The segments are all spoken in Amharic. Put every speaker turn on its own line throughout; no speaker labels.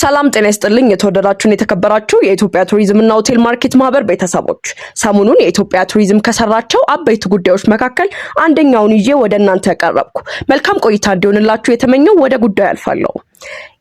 ሰላም ጤና ይስጥልኝ። የተወደዳችሁን የተከበራችሁ የኢትዮጵያ ቱሪዝምና ሆቴል ማርኬት ማህበር ቤተሰቦች ሰሞኑን የኢትዮጵያ ቱሪዝም ከሰራቸው አበይት ጉዳዮች መካከል አንደኛውን ይዤ ወደ እናንተ ያቀረብኩ፣ መልካም ቆይታ እንዲሆንላችሁ የተመኘው ወደ ጉዳዩ አልፋለሁ።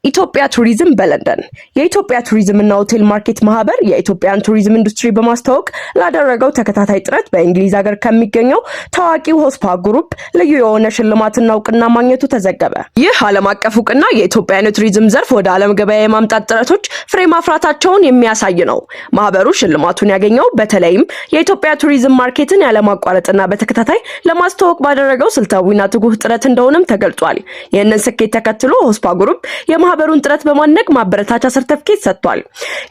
ኢትዮጵያ ቱሪዝም በለንደን የኢትዮጵያ ቱሪዝም እና ሆቴል ማርኬት ማህበር የኢትዮጵያን ቱሪዝም ኢንዱስትሪ በማስተዋወቅ ላደረገው ተከታታይ ጥረት በእንግሊዝ ሀገር ከሚገኘው ታዋቂው ሆስፓ ግሩፕ ልዩ የሆነ ሽልማትና እውቅና ማግኘቱ ተዘገበ። ይህ ዓለም አቀፍ እውቅና የኢትዮጵያን የቱሪዝም ዘርፍ ወደ ዓለም ገበያ የማምጣት ጥረቶች ፍሬ ማፍራታቸውን የሚያሳይ ነው። ማህበሩ ሽልማቱን ያገኘው በተለይም የኢትዮጵያ ቱሪዝም ማርኬትን ያለማቋረጥና በተከታታይ ለማስተዋወቅ ባደረገው ስልታዊና ትጉህ ጥረት እንደሆነም ተገልጿል። ይህንን ስኬት ተከትሎ ሆስፓ ግሩፕ የማህበሩን ጥረት በማድነቅ ማበረታቻ ሰርተፍኬት ሰጥቷል።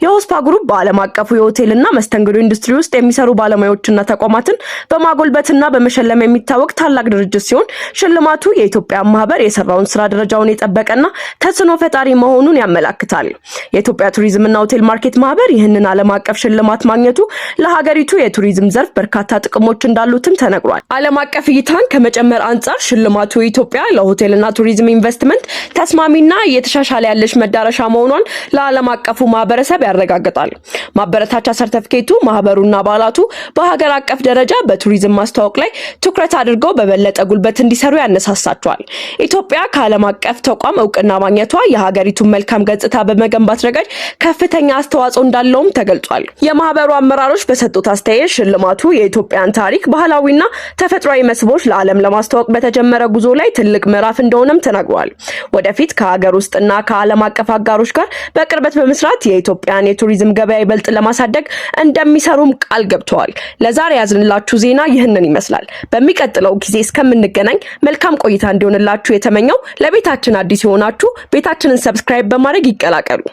የሆስፓ ግሩፕ በዓለም አቀፉ የሆቴልና መስተንግዶ ኢንዱስትሪ ውስጥ የሚሰሩ ባለሙያዎችና ተቋማትን በማጎልበትና በመሸለም የሚታወቅ ታላቅ ድርጅት ሲሆን ሽልማቱ የኢትዮጵያ ማህበር የሰራውን ስራ ደረጃውን የጠበቀና ተጽዕኖ ፈጣሪ መሆኑን ያመላክታል። የኢትዮጵያ ቱሪዝምና ሆቴል ማርኬት ማህበር ይህንን ዓለም አቀፍ ሽልማት ማግኘቱ ለሀገሪቱ የቱሪዝም ዘርፍ በርካታ ጥቅሞች እንዳሉትም ተነግሯል። ዓለም አቀፍ እይታን ከመጨመር አንጻር ሽልማቱ ኢትዮጵያ ለሆቴልና ቱሪዝም ኢንቨስትመንት ተስማሚና እየተሻሻለ ያለች መዳረሻ መሆኗን ለዓለም አቀፉ ማህበረሰብ ያረጋግጣል። ማበረታቻ ሰርተፍኬቱ ማህበሩና አባላቱ በሀገር አቀፍ ደረጃ በቱሪዝም ማስተዋወቅ ላይ ትኩረት አድርገው በበለጠ ጉልበት እንዲሰሩ ያነሳሳቸዋል። ኢትዮጵያ ከዓለም አቀፍ ተቋም እውቅና ማግኘቷ የሀገሪቱን መልካም ገጽታ በመገንባት ረገድ ከፍተኛ አስተዋጽኦ እንዳለውም ተገልጿል። የማህበሩ አመራሮች በሰጡት አስተያየት ሽልማቱ የኢትዮጵያን ታሪክ፣ ባህላዊና ተፈጥሯዊ መስህቦች ለዓለም ለማስተዋወቅ በተጀመረ ጉዞ ላይ ትልቅ ምዕራፍ እንደሆነም ተናግረዋል። ወደፊት ከሀገር ውስጥና ከዓለም አቀፍ አጋሮች ጋር በቅርበት በመስራት የኢትዮጵያን የቱሪዝም ገበያ ይበልጥ ለማሳደግ እንደሚሰሩም ቃል ገብተዋል። ለዛሬ ያዝንላችሁ ዜና ይህንን ይመስላል። በሚቀጥለው ጊዜ እስከምንገናኝ መልካም ቆይታ እንዲሆንላችሁ የተመኘው ለቤታችን አዲስ የሆናችሁ ቤታችንን ሰብስክራይብ በማድረግ ይቀላቀሉ።